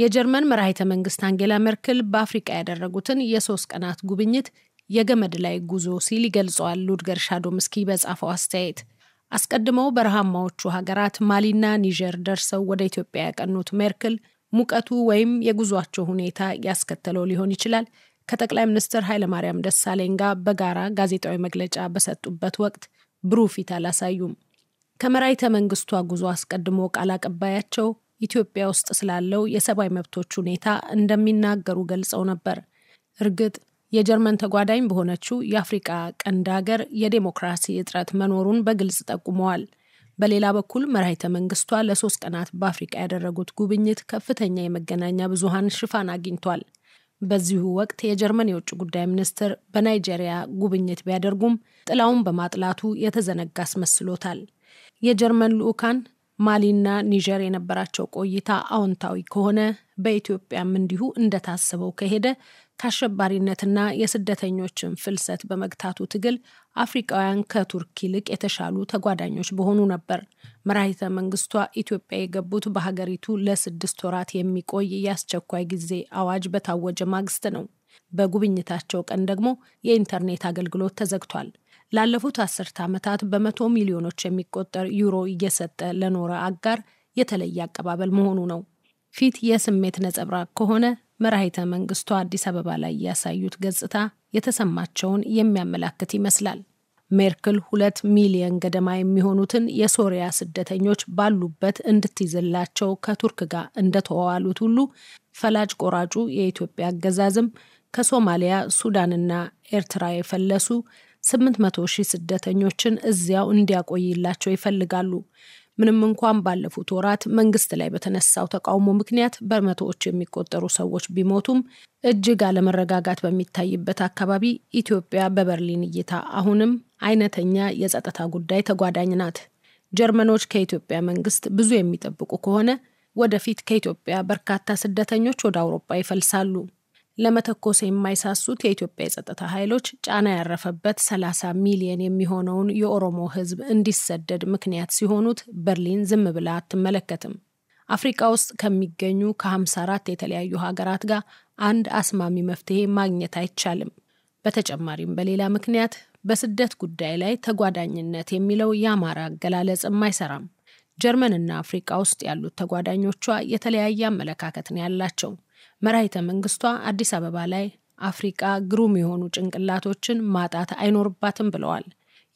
የጀርመን መራሂተ መንግስት አንጌላ መርክል በአፍሪቃ ያደረጉትን የሶስት ቀናት ጉብኝት የገመድ ላይ ጉዞ ሲል ይገልጸዋል ሉድገር ሻዶምስኪ በጻፈው አስተያየት። አስቀድመው በረሃማዎቹ ሀገራት ማሊና ኒጀር ደርሰው ወደ ኢትዮጵያ ያቀኑት ሜርክል ሙቀቱ ወይም የጉዟቸው ሁኔታ ያስከተለው ሊሆን ይችላል ከጠቅላይ ሚኒስትር ኃይለማርያም ደሳለኝ ጋር በጋራ ጋዜጣዊ መግለጫ በሰጡበት ወቅት ብሩህ ፊት አላሳዩም። ከመራይተ መንግስቷ ጉዞ አስቀድሞ ቃል አቀባያቸው ኢትዮጵያ ውስጥ ስላለው የሰብአዊ መብቶች ሁኔታ እንደሚናገሩ ገልጸው ነበር። እርግጥ የጀርመን ተጓዳኝ በሆነችው የአፍሪቃ ቀንድ ሀገር የዴሞክራሲ እጥረት መኖሩን በግልጽ ጠቁመዋል። በሌላ በኩል መራሂተ መንግስቷ ለሶስት ቀናት በአፍሪቃ ያደረጉት ጉብኝት ከፍተኛ የመገናኛ ብዙኃን ሽፋን አግኝቷል። በዚሁ ወቅት የጀርመን የውጭ ጉዳይ ሚኒስትር በናይጄሪያ ጉብኝት ቢያደርጉም ጥላውን በማጥላቱ የተዘነጋ አስመስሎታል። የጀርመን ልዑካን ማሊና ኒጀር የነበራቸው ቆይታ አዎንታዊ ከሆነ በኢትዮጵያም እንዲሁ እንደታሰበው ከሄደ ከአሸባሪነትና የስደተኞችን ፍልሰት በመግታቱ ትግል አፍሪቃውያን ከቱርክ ይልቅ የተሻሉ ተጓዳኞች በሆኑ ነበር። መራሂተ መንግስቷ ኢትዮጵያ የገቡት በሀገሪቱ ለስድስት ወራት የሚቆይ የአስቸኳይ ጊዜ አዋጅ በታወጀ ማግስት ነው። በጉብኝታቸው ቀን ደግሞ የኢንተርኔት አገልግሎት ተዘግቷል። ላለፉት አስርተ ዓመታት በመቶ ሚሊዮኖች የሚቆጠር ዩሮ እየሰጠ ለኖረ አጋር የተለየ አቀባበል መሆኑ ነው። ፊት የስሜት ነጸብራቅ ከሆነ መራሂተ መንግስቷ አዲስ አበባ ላይ ያሳዩት ገጽታ የተሰማቸውን የሚያመላክት ይመስላል። ሜርክል ሁለት ሚሊየን ገደማ የሚሆኑትን የሶሪያ ስደተኞች ባሉበት እንድትይዝላቸው ከቱርክ ጋር እንደተዋዋሉት ሁሉ ፈላጭ ቆራጩ የኢትዮጵያ አገዛዝም ከሶማሊያ፣ ሱዳንና ኤርትራ የፈለሱ 800 ሺህ ስደተኞችን እዚያው እንዲያቆይላቸው ይፈልጋሉ። ምንም እንኳን ባለፉት ወራት መንግስት ላይ በተነሳው ተቃውሞ ምክንያት በመቶዎች የሚቆጠሩ ሰዎች ቢሞቱም እጅግ አለመረጋጋት በሚታይበት አካባቢ ኢትዮጵያ በበርሊን እይታ አሁንም አይነተኛ የጸጥታ ጉዳይ ተጓዳኝ ናት። ጀርመኖች ከኢትዮጵያ መንግስት ብዙ የሚጠብቁ ከሆነ ወደፊት ከኢትዮጵያ በርካታ ስደተኞች ወደ አውሮፓ ይፈልሳሉ። ለመተኮስ የማይሳሱት የኢትዮጵያ የጸጥታ ኃይሎች ጫና ያረፈበት 30 ሚሊየን የሚሆነውን የኦሮሞ ሕዝብ እንዲሰደድ ምክንያት ሲሆኑት በርሊን ዝም ብላ አትመለከትም። አፍሪካ ውስጥ ከሚገኙ ከ54 የተለያዩ ሀገራት ጋር አንድ አስማሚ መፍትሄ ማግኘት አይቻልም። በተጨማሪም በሌላ ምክንያት በስደት ጉዳይ ላይ ተጓዳኝነት የሚለው የአማራ አገላለጽም አይሰራም። ጀርመንና አፍሪካ ውስጥ ያሉት ተጓዳኞቿ የተለያየ አመለካከት ነው ያላቸው። መራይተ መንግስቷ አዲስ አበባ ላይ አፍሪቃ ግሩም የሆኑ ጭንቅላቶችን ማጣት አይኖርባትም ብለዋል።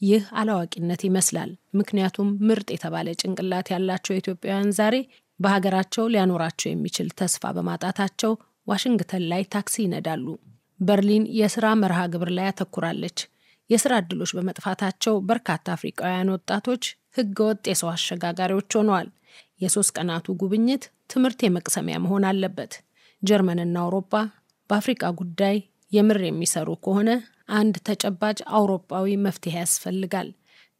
ይህ አላዋቂነት ይመስላል። ምክንያቱም ምርጥ የተባለ ጭንቅላት ያላቸው ኢትዮጵያውያን ዛሬ በሀገራቸው ሊያኖራቸው የሚችል ተስፋ በማጣታቸው ዋሽንግተን ላይ ታክሲ ይነዳሉ። በርሊን የስራ መርሃ ግብር ላይ ያተኩራለች። የስራ ዕድሎች በመጥፋታቸው በርካታ አፍሪቃውያን ወጣቶች ህገወጥ የሰው አሸጋጋሪዎች ሆነዋል። የሶስት ቀናቱ ጉብኝት ትምህርት የመቅሰሚያ መሆን አለበት። ጀርመንና አውሮፓ በአፍሪቃ ጉዳይ የምር የሚሰሩ ከሆነ አንድ ተጨባጭ አውሮፓዊ መፍትሄ ያስፈልጋል።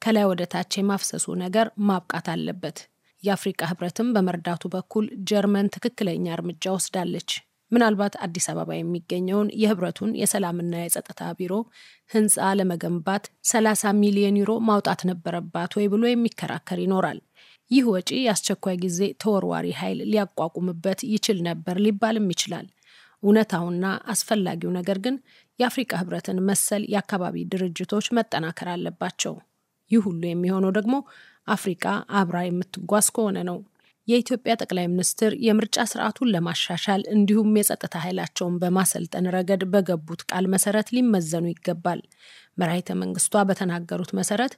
ከላይ ወደ ታች የማፍሰሱ ነገር ማብቃት አለበት። የአፍሪቃ ህብረትም በመርዳቱ በኩል ጀርመን ትክክለኛ እርምጃ ወስዳለች። ምናልባት አዲስ አበባ የሚገኘውን የህብረቱን የሰላምና የጸጥታ ቢሮ ህንፃ ለመገንባት 30 ሚሊዮን ዩሮ ማውጣት ነበረባት ወይ ብሎ የሚከራከር ይኖራል። ይህ ወጪ የአስቸኳይ ጊዜ ተወርዋሪ ኃይል ሊያቋቁምበት ይችል ነበር ሊባልም ይችላል። እውነታውና አስፈላጊው ነገር ግን የአፍሪቃ ህብረትን መሰል የአካባቢ ድርጅቶች መጠናከር አለባቸው። ይህ ሁሉ የሚሆነው ደግሞ አፍሪቃ አብራ የምትጓዝ ከሆነ ነው። የኢትዮጵያ ጠቅላይ ሚኒስትር የምርጫ ስርዓቱን ለማሻሻል እንዲሁም የጸጥታ ኃይላቸውን በማሰልጠን ረገድ በገቡት ቃል መሰረት ሊመዘኑ ይገባል። መራሂተ መንግስቷ በተናገሩት መሰረት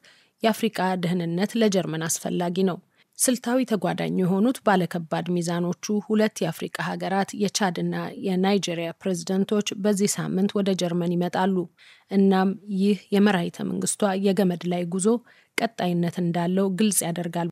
የአፍሪቃ ደህንነት ለጀርመን አስፈላጊ ነው። ስልታዊ ተጓዳኝ የሆኑት ባለከባድ ሚዛኖቹ ሁለት የአፍሪቃ ሀገራት የቻድና የናይጄሪያ ፕሬዝደንቶች በዚህ ሳምንት ወደ ጀርመን ይመጣሉ። እናም ይህ የመራሂተ መንግስቷ የገመድ ላይ ጉዞ ቀጣይነት እንዳለው ግልጽ ያደርጋል።